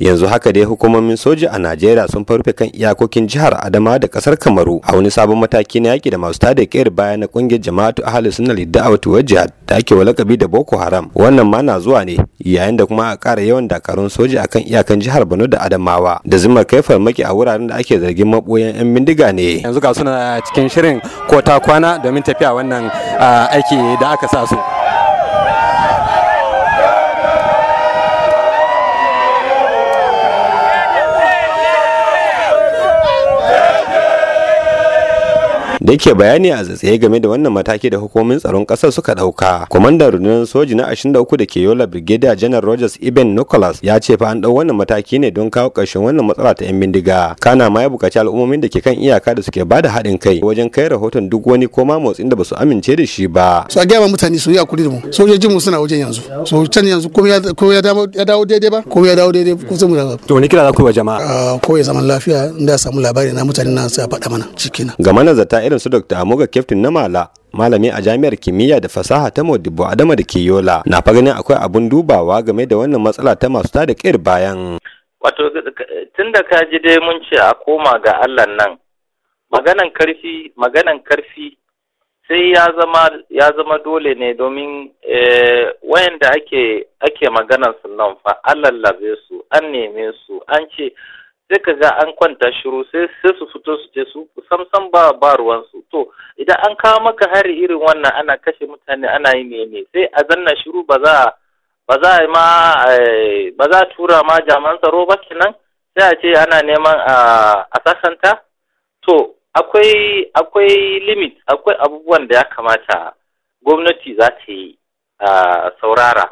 yanzu haka dai hukumomin soja a najeriya sun farfe kan iyakokin jihar adama da kasar kamaru a wani sabon mataki na yaki da masu tada kayar baya na kungiyar jama'atu ahli lidda a wa wajiya da ake walakabi da boko haram wannan ma na zuwa ne yayin da kuma a kara yawan dakarun soja akan iyakan jihar borno da adamawa da zuma kai farmaki a wuraren da ake zargin maboyan yan bindiga ne yanzu ga suna cikin shirin ko kwana domin tafiya wannan ah, aiki da aka sa su da yake bayani a tsaye game da wannan mataki da hukumomin tsaron kasar suka dauka kwamandan rundunar soji na 23 da ke yola brigadier general rogers ibn nicholas ya ce fa an dau wannan mataki ne don kawo ƙarshen wannan matsala ta yan bindiga kana ma ya buƙaci al'ummomin da ke kan iyaka da suke bada haɗin kai wajen kai rahoton duk wani ko ma motsin da basu amince da shi ba su a gaya mutane su yi hakuri da mu sojojin mu suna wajen yanzu so can yanzu ko ya dawo daidai ba ko ya dawo daidai ko sai mu dawo to ni kira za ku wa jama'a ah, ko ya zaman lafiya inda samu labari na mutane na sai a faɗa mana cikina ga manazarta irin su Dr. Amoga Kyaftin na Mala malami a jami'ar kimiyya da fasaha ta Modibo Adama da ke Yola na fa ganin akwai abun dubawa game da wannan matsala ta masu tada kir bayan wato tunda ka ji dai mun ce a koma ga Allah nan maganan karfi maganan karfi sai ya zama ya zama dole ne domin eh, wayanda ake ake maganan nan fa Allah labe su an neme su an ce sai ka ga an kwanta shiru sai sai su fito su ce su samsam ba ba ruwansu to idan an kawo maka hari irin wannan ana kashe mutane ana yi ne sai a zanna shiru ba za ba za ma eh, ba za tura ma jaman tsaro ba kenan sai a ce ana neman a sasanta to akwai akwai limit akwai abubuwan da ya kamata gwamnati za ta yi saurara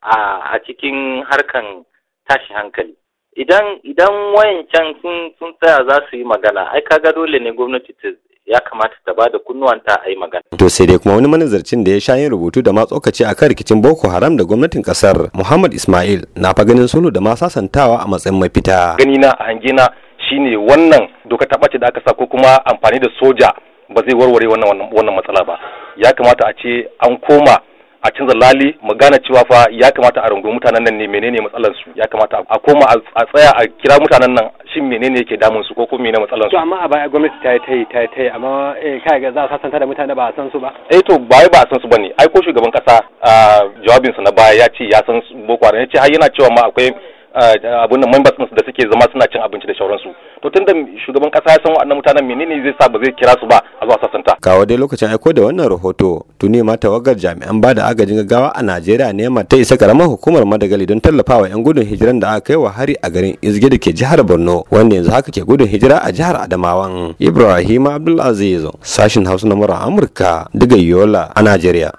a cikin harkan tashi hankali idan idan can sun sun tsaya za su yi magana ai kaga dole ne gwamnati ta ya kamata ta bada kunnuwanta a yi magana. To sai dai kuma wani manazarcin da ya sha yin rubutu da ma tsokaci a kan rikicin Boko Haram da gwamnatin kasar Muhammad Ismail na fa ganin sulhu da ma sasantawa a matsayin mafita. Gani na a hange na shine wannan doka ta bace da aka sa ko kuma amfani da soja ba zai warware wannan wannan matsala ba. Ya kamata a ce an koma a canza lali mu gane cewa fa ya kamata a rungumi mutanen nan ne menene matsalar su ya kamata a koma a tsaya a kira mutanen nan shin menene yake damun su ko kuma menene matsalar su to amma a baya gwamnati ta yi ta yi ta yi amma eh amma kai ga za a sasanta da mutane ba a san su ba eh to ba ba a san su bane ai ko shugaban kasa ah, jawabinsa na baya ya ce ya san boko haram ya ce har yana cewa ma akwai abun nan members din da suke zama suna cin abinci da su to tunda shugaban kasa ya san wa'annan mutanen menene zai sa ba zai kira su ba a zuwa sassanta kawo dai lokacin aiko da wannan rahoto tuni ma tawagar jami'an ba da agajin gaggawa a Najeriya ne ma ta isa karamar hukumar Madagali don tallafawa yan gudun hijiran da aka kai wa hari a garin Izge da ke jihar Borno wanda yanzu haka ke gudun hijira a jihar Adamawan Ibrahim Abdulaziz sashin Hausa na Amurka daga Yola a Najeriya